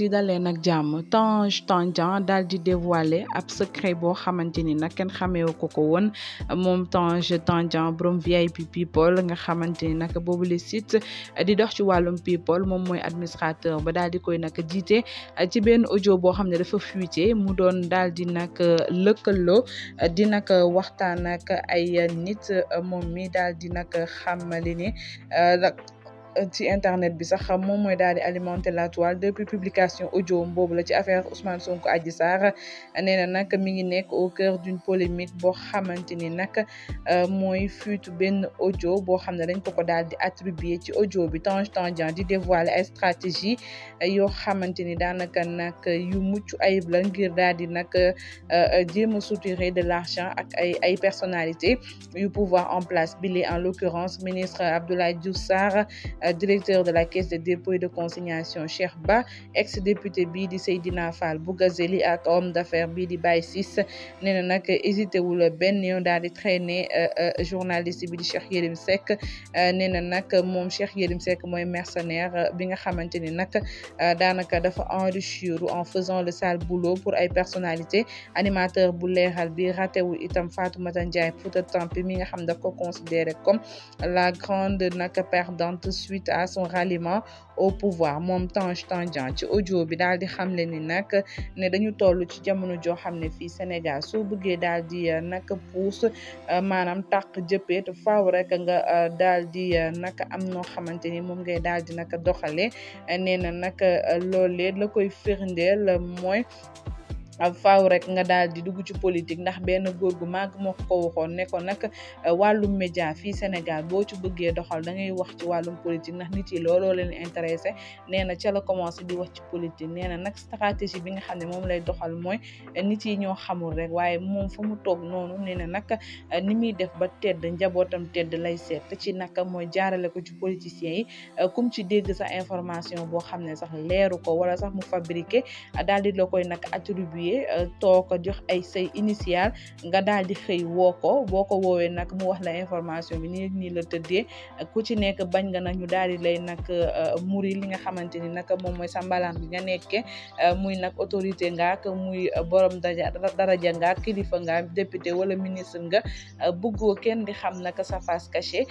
si daleen ak jàmm Tange Tandian daal di dévoiler ab secret boo xamante ni nag kenn xameewu ko ko woon moom Tange Tandian borom VIP people nga xamante ni nag boobu le site di dox ci wàllum pipol moom mooy administrateur ba daal di koy nag jiite ci benn audio boo xam ne dafa fuité mu doon daal di nag lëkkaloo di nag waxtaan ak ay nit moom mi daal di nag xamali ni Euh, ci internet bi sax moom mooy daal di alimenter la toile depuis publication ojo boobu la ci affaire Ousmane Sonko Adji saar nee na nag mi ngi nekk au cœur d'une polémique boo xamante ni nag euh, mooy fuite benn audio boo xam ne dañ ko ko daal di attribuer ci ojo bi Tange Tandian di dévoiler ay stratégie euh, yoo xamante ni daanaka nag yu mucc ayib la ngir daal di nag jéem a soutirer de l'argent ak ay ay personnalités yu pouvoir en place bi en l'occurrence ministre Abdoulaye Diouf Sarr Euh, directeur de la caisse de dépôt et de consignation Cheikh Ba ex député bii di Seydina Fall Bougazeli ak homme d'affaires bii di Baye Ciss nee na nag hésité wul benn yoon daal di traîner euh, euh, journaliste bi di Cheikh Yérim Seck nee na nag moom Cheikh Yérim Seck mooy mercenaire bi nga xamante ni nag daanaka dafa enrichir en faisant le sale boulot pour ay personnalité animateur bu leeral bi ratewul itam Fatoumata Ndiaye Fouta Tampi mi nga xam daf ko considéré comme suite à son raliment au pouvoir moom Tange Tandian ci audio bi daal di xamle ni nag ne dañu toll ci jamono joo xam ne fii Sénégal soo bëggee daal di euh, nag puus euh, maanaam tàq jëppeet faw rek nga euh, daal di nag am noo xamante ni moom ngay daal di nag doxale nee na nag la koy firndeel mooy faaw rek nga daal di dugg ci politique ndax benn góor gu màgg moo ko ko waxoon ne ko nag euh, wàllum média fii Sénégal boo ci bëggee doxal da wax ci wàllum politique ndax nit yi looloo leen intéressé nee na ca la commencé di wax ci politique nee na nag stratégie bi nga xam ne moom lay doxal mooy euh, nit yi ñoo xamul rek waaye moom fa mu toog noonu nee na nag euh, ni muy def ba tedd njabootam tedd lay seet te ci naka mooy jaarale ko ci politiciens yi kum ci dégg sa information boo xam ne sax leeru ko wala sax mu fabriqué daal di la koy nag attribué marié euh, too jox ay say initial nga daal di xëy woo ko boo ko woowee nag mu wax la information bi ni nii la tëddee ku ci nekk bañ nga nag ñu daal di lay nag euh, muri li nga xamante ni nag moom mooy sa mbalaan bi nga nekkee euh, muy nag autorité ngaak muy boroom borom dara daraja ngaak kilifa nga député wala ministre nga buggoo kenn di xam nag sa face cachée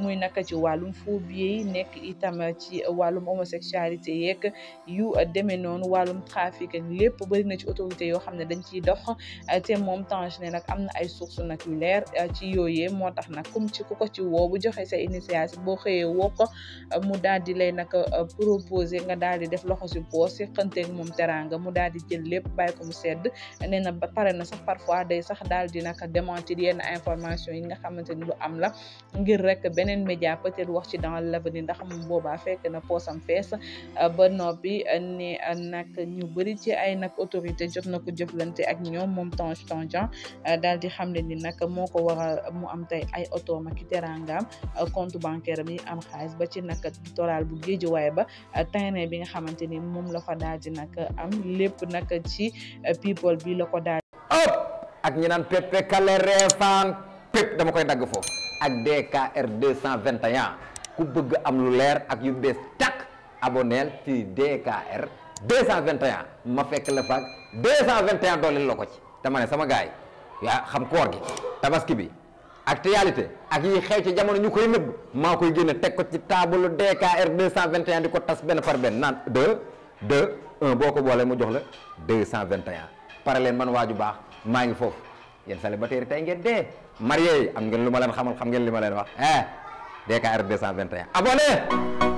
muy naka ci wàllum phobie yi nekk itam ci wàllum homosexualité yeeg yu demee noonu wàllum trafic lépp bëri ci autorité activités yoo xam ne dañ ciy dox eh, moom Tange ne am na ay source nag yu eh, ci yooyee moo tax nag comme ci ku ko ci woo joxe sa initiative boo xëyee woo ko eh, mu daal di lay nag proposer nga daal di def loxo si poos si xënteeg moom teraanga mu daal di jël lépp bàyyi ko mu sedd nee na ba pare na sax parfois day sax daal di nag démentir yenn information yi nga xamante ni lu am la ngir rek beneen média peut-être wax ci dans l'avenir ndax moom boobaa fekk na poosam fees ba noppi ne nag ñu bëri ci ay jot na ko jëflante ak ñoom moom Tange Tandian euh, dal di xam ne ni nag moo ko waral mu am tey ay oto ma ki teraangaam euh, compte bancaire mi am xaalis ba ci nag toral bu géejuwaay ba euh, terrain bi nga xamante ni moom la fa daal di nag am lépp nag ci people bi la ko daal ëpp ak ñi naan pepe kale reefaan pép dama koy dagg foofu ak DKR 221 ku bëgg am lu leer ak yu bees tàkk aboneel ci DKR 221 ma fekk la faag 221 dooleel la ko ci te ma ne sama gaay yaa xam koor gi tabaski bi actualité ak yi xew ci jamono ñu koy nëbb maa koy génne teg ko ci taabalu DKR 221 di ko tas benn par benn naan 2 2 1 boo ko boolee mu jox la de cent 221 pare leen man waaju baax maa ngi foofu yéen célibataire yi tey ngeen dee marié yi am ngeen lu ma leen xamal xam ngeen li ma leen wax de eh DKR 221 abonné